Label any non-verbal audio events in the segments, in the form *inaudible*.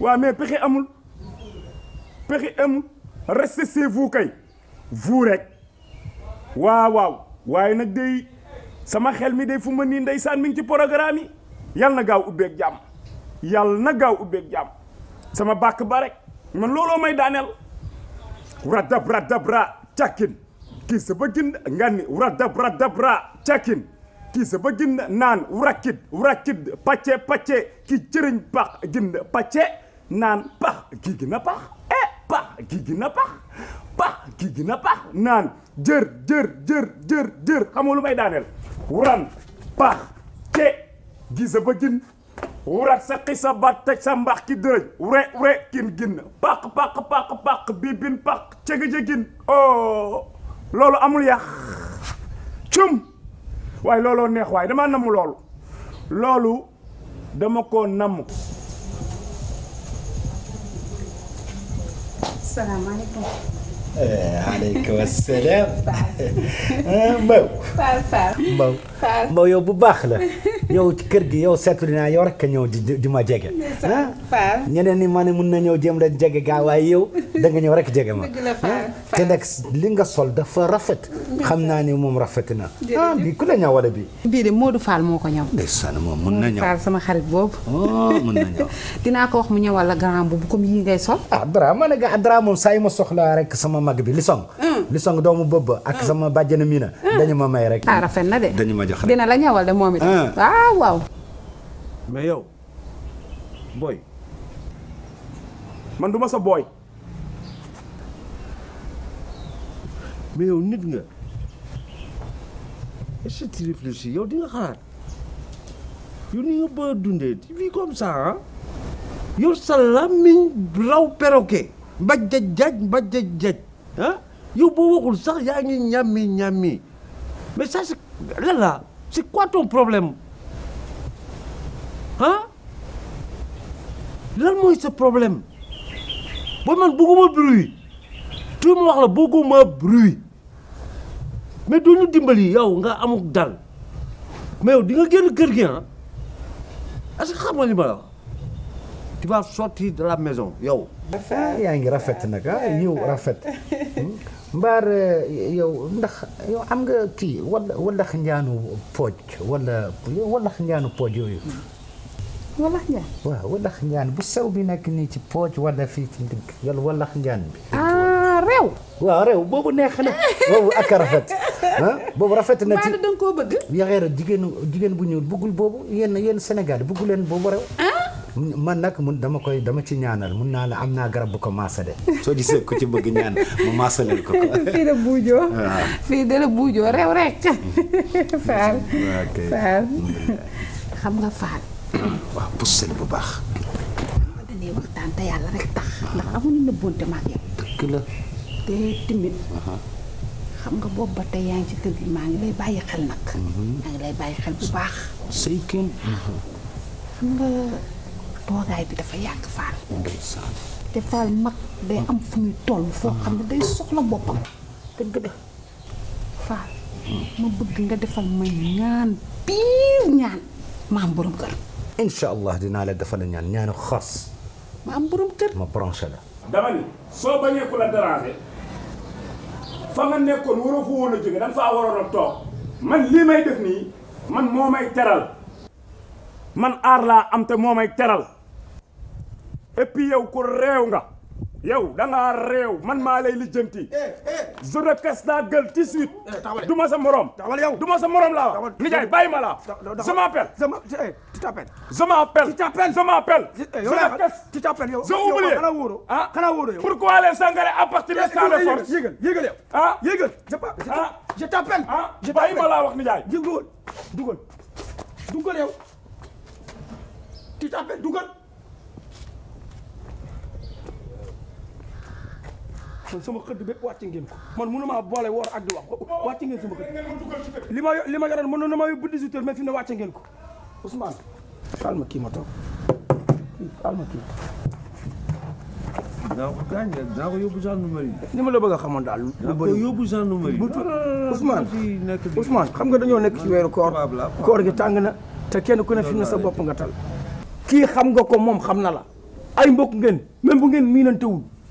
waa mais pexe amul pexe amul restez chez vous kay vous rek waaw waaye nag day sama xel mi dey fu ma nii ndeysaan mi ngi ci programme yi na gaaw ubbeeg jàmm yàlla na gaaw ubbeeg jàmm sama bàkk ba rek man looloo may daaneel radab radabra càkkin kii sa ba gin ngan ni radab radabra càkkin kii sa ba gin naan wrakkit wrakkit pacce pacce kii jëriñ pacce naan pax kii gi na pax eh kii gi na pax gi na naan jër jër jër jër jër lu may daaneel wuran pax ce gisa ba gin wurat sa xisa ba tëj sa mbax ki dërëj wure wure kin gin pax pax pax pax bi bin pax cëgëjë oh, loolu amul yàq cum waaye looloo neex waaye dama namu loolu loolu dama ko Assalamu alaikum. É, alaikum né? *laughs* assalam. Ah, bom. Bom. bo yow bu baax la yow kër gi yow New York yow rek di juma jege ah ñeneen ni mana muna mun na ñëw jaga la jege dengan waaye yow da nga ñëw rek jege ma *laughs* te nag li nga sol dafa rafet xam naa rafet na ah bi ku la ñaw wala bi bi de Modou Fall moo ko ñaw ndeysaan moom mun na ñaw Fall sama xarit bob. *laughs* Oh, na ñaw *laughs* dinaa ko wax mu ñëwal la grand boobu comme yii ngay sol ah dara ma ga dara moom saa ma rek sama mag bi li song ah li song doomu bëbb ak sama bajjana mina hmm. dañu ma may rek ah rafet na de dañu ma jox dina la ñawal de momit it ah. waaw waaw mais yow boy man duma sa boy mais yow nit nga est-ce que tu réfléchis yow di nga xaar yow ni nga bëgg dundé vie comme ça hein yow sa làmmiñ raw perroquet ba jaj jaj ah yow boo waxul sax yaa ngi ñammi mais ça c'est lan la c'est quoi ton problème ah lan mooy sa problème booy man bëgguma bruit tu ma wax bruit mais dimbali ya amuk dal mais yow di nga génn kër est-ce que xam nga tu vas sortir de la maison y a un rafet y a un rafet. *laughs* Hmm? mbaar eh, yow ndax yow am nga kii wala walax njaanu pooj wala walax njaanu pooj yooyu. walax njaan. waaw walax njaan bu sew bi nekk nii ci pooj wala fii ci digg yàlla walax njaan bi. ah réew. waaw réew boobu neex na boobu ak rafet *laughs* ah boobu rafet na ci maanaam da nga koo bëgg. yaxeera jigéenu jigéen bu ñuul bëggul boobu yéen yéen Sénégal bëggu leen boobu réew. Ah, man nag mun dama koy dama ci ñaanal mun naa la am naa garab bu ko maasale soo gisee ku ci bëgg ñaan mu maasaleel ko ko fii de buujoo *laughs* ah. fii de buujoo rew rek mm. faal xam nga faal waaw pussel bu baax ma dañuy waxtaan te yàlla rek tax ndax amuñu nëbboonte maag yow dëgg te timit xam nga boobu ba yaa ngi ci kër gi maa ngi lay bàyyi xel nag mhm. maa ngi lay bàyyi xel bu baax sëy kenn xam nga toogaay bi dafa yàgg faal te faal mag day am fu muy toll foo xam ne day soxla boppam dëgg de ma bëgg nga defal ma ñaan ñaan ma am borom kër allah la defal ñaan ñaanu xas ma am borom kër ma branché la dama ni soo bañee ku la déranger fa nga man lii may def man moo teral man aar laa am te teral et puis yow ku réew nga yow da ngaa man maa lay lijjanti eh, eh. je ne casse la gueule tout de suite eh, du ma morom du ma sa morom laa wax nijaay bàyyi ma laa je m'appelle tu t'appelles je m'appelle tu t'appelles je m'appelle je casse tu t'appelles yow j'ai oublié xanaa wóoroo ah xanaa wóoroo yow pourquoi les Sangaré ah. ah. ah. ma laa wax nijaay dugal dugal dugal yow tu t'appelles man sama xëdd bépp wàcc ngeen ko man mënu maa boole woor ak di wax oh. wàcc ngeen li ma li ma yoroon mënoon na ma yóbbu 18 heures mais fi mu ne wàcc ngeen ko Ousmane ma kii ma toog xaal ma kii daa ko gaañ la bëgg a xamoon daal lu bëri yóbbu gendarmerie bu ah, ah, Ousmane Ousmane xam nga dañoo nekk ci weeru koor koor gi tàng na te kenn ku ne fi na sa bopp nga tal kii xam nga ko moom xam na la ay mbokk ngeen même bu ngeen miinantewul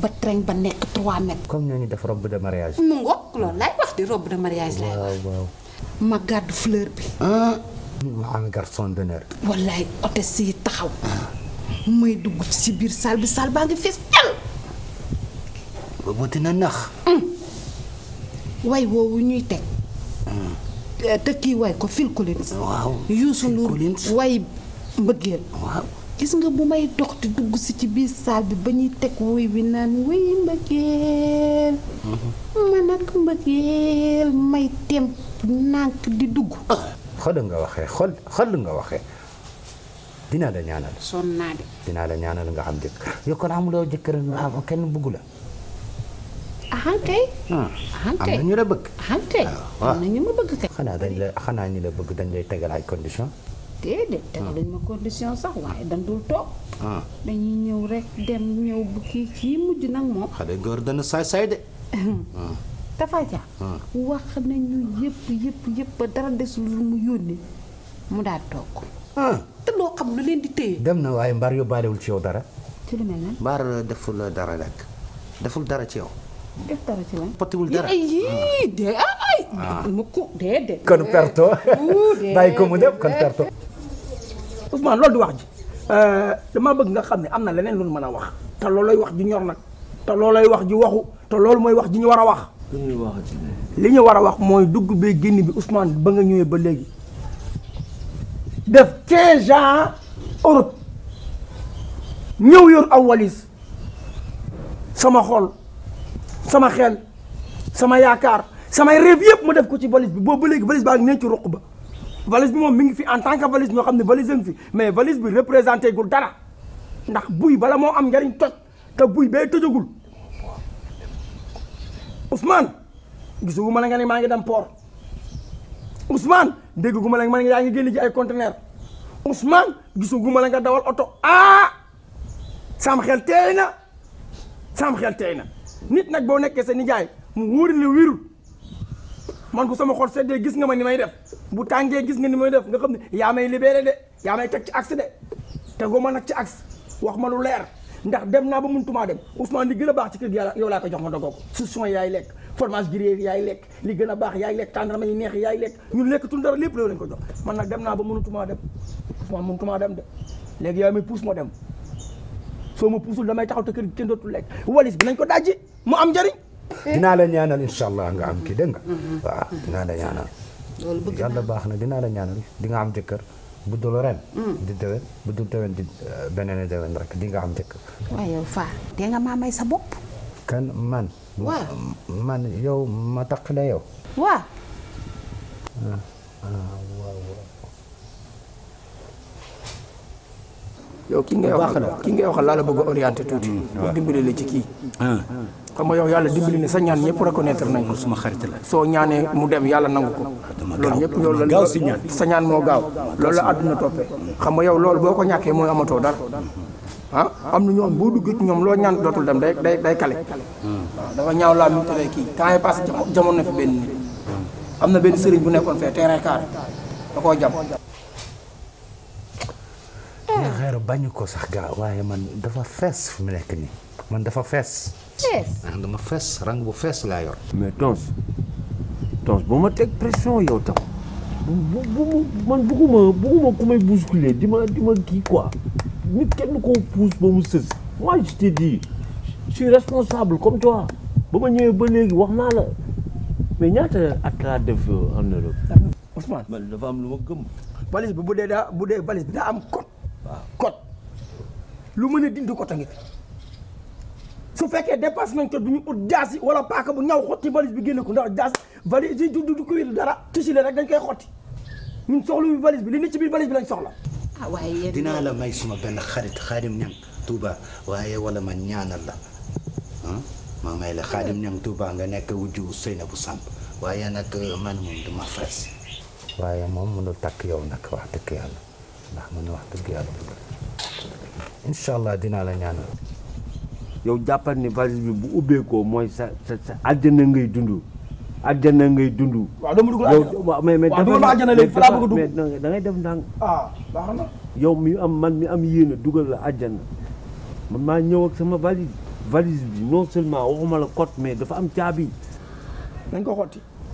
ba train ba nekk 3 mètres. comme ñoo ñu def robe de mariage. mu ngoog loolu laay wax di robe de mariage laay waaw ma gàddu fleur bi. ah. mu am garçon d'honneur. wallaay hôtesse yi taxaw. may dugg ci biir salle bi salle baa ngi fees dell. boobu dina nax. Hmm. way woowu ñuy teg. Hmm. te kii way ko Phil Collins. waaw Youssou Ndour way mbëggeel. waaw. gis nga bu may dox di dugg si ci biir saal bi ba ñuy teg wuy bi naan wuy mbëggeel mm-hmm. man ak mbëggeel may temp nànk di dugg xol nga waxee xol xol nga waxee dinaa la ñaanal son naa de dinaa la ñaanal nga xam jëkkër yow kon amuloo jëkkër nga xam kenn bëggu la ah, am na ñu la bëgg ahantey ah, am na ñu ma bëgg kay xanaa dañ la xanaa ñu la bëgg dañ lay tegal ay condition déedéet tegaluñ ah. ma condition sax waaye dañ dul toog ah. dañuy ñëw rek dem ñëw bu kii kii mujj nag moom xale góor dana saay saay de dafa *laughs* ah. ja wax nañu yëpp yëpp yëpp dara desul mu yónni mu daal toog te doo xam lu leen di téye dem na waaye mbaar yóbbaalewul ci yow dara ci lu mel ne mbaar deful dara rek deful dara ci yow def dara ci lan pottiwul dara yii ko mu dem kon perto Ousmane lolou di wax ji euh dama bëgg nga xamné amna leneen luñu mëna mën a wax te loolooy wax ji ñor nag te loolooy wax ji waxu ta lolou moy wax ji ñu war a wax. li ñu war a wax moy dugg be genn bi Ousmane ba nga ñëwé ba légui def 15 ans Europe ñëw yor awalis sama xol sama xel sama yaakar sama rêve yëpp mu def ko ci valise bi bo ba légui valise ba ngi ne ci rukba valise moom mi ngi fi en tant que valise ñoo xam ne valise ngi fi mais valise bi représenté gul dara ndax buy bala moo am njariñ toj te buy bee tojagul Ousmane gisagu ma la nga ne maa ngi dem port Ousmane dégg gu ma la nga yaa ngi génn ji ay conteneur Ousmane gisagu ma la nga dawal oto ah sam xel teey na sam xel teey na nit nag boo nekkee sa nijaay mu wóor la wérul man ko sama xol seddee gis nga ma ni may def bu tàngee gis nga ni may def nga xam ne yaa may libéré de yaa may teg ci axe de tegoo ma nag ci axe wax ma lu leer ndax dem naa ba mëntumaa dem Ousmane li gën a baax ci kër gi yow laa ko jox nga dogoo ko solution yaay lekk fromage grillé yaay lekk li gën a yaay lekk tàndarma yi neex yaay lekk ñun lekkatul dara lépp loolu ko jox man nag dem naa ba mënutumaa dem Ousmane mënutumaa dem de léegi yow mi puus ma dem soo ma puusul damay taxaw te kër gi kenn dootul lekk walis bi nañ ko daaj mu am njëriñ dinaa la ñaanal incha allah nga am kii nga. waaw dinaa la ñaanal. loolu baax na dinaa la ñaanal di nga am jëkkër bu dul ren. Hmm. di déwén bu dul di euh, beneen déwén am jëkkër. dee nga maa may sa bopp. kan man. man yow ma taq la yow ki ngay wax ki ngay waxal laa la bëgg a orienté tuuti. Hmm, waaw pour dimbali la ci kii. Ah. xam nga yow yàlla dimbali ne sa ñaan ñëpp reconnaître nañ soo ñaanee mu dem yàlla nangu ko. Ah, loolu ñëpp loolu ñaan moo gaaw. loolu la àdduna toppee. xam nga yow loolu boo ko ñàkkee ah, am na ñoo am boo duggee ci ñoom loo dafa hmm. ñaaw fi benn nit. am na benn sëriñ bu nekkoon fee terrain carré da jam maire bañu ko sax gaa waaye man dafa fees fu mu nekk man dafa fees. fees ah, dama fees rang mais tonse bu ma pression yow tam bu bu man bugguma bugguma ku may bousculer di ma di quoi nit kenn koo pousse je te dis je suis responsable comme toi ba ma ba léegi wax naa la mais ñaata at laa def en Europe. Ousmane dafa am lu gëm. valise bu bu valise code lu mën a dindi ko tamit su fekkee dépasse nañ du ñu ut jaas wala paaka bu ñaw xotti valise bi génne ko ndax jaas valise yi du dara tissu la rek dañ koy xotti ñun soxla wu valise bi li ci biir valise bi lañ soxla. ah dinaa la may suma benn xarit xaadim ñang tuuba waaye walla ma ñaanal la ah, ma may la xaadim ñang Touba nga nekk wujju Seynabou Samb waaye nag man moom duma fres waaye moom mënul takk yow nag wax dëgg yàlla. ndax man wax dëgg yàlla incha allah dinaa la ñaanal. yow jàppal ni valise bu ubbeekoo mooy sa sa sa ngay dund àjjana ngay dundu waaw dama dugg àjjana léegi fa bëgg a def ndànk. Ah, yow mi am man mi am yéene dugal la àjjana man maa ñëw ak sama valise valise bi non seulement waxuma la code mais dafa am caabi. nañ ko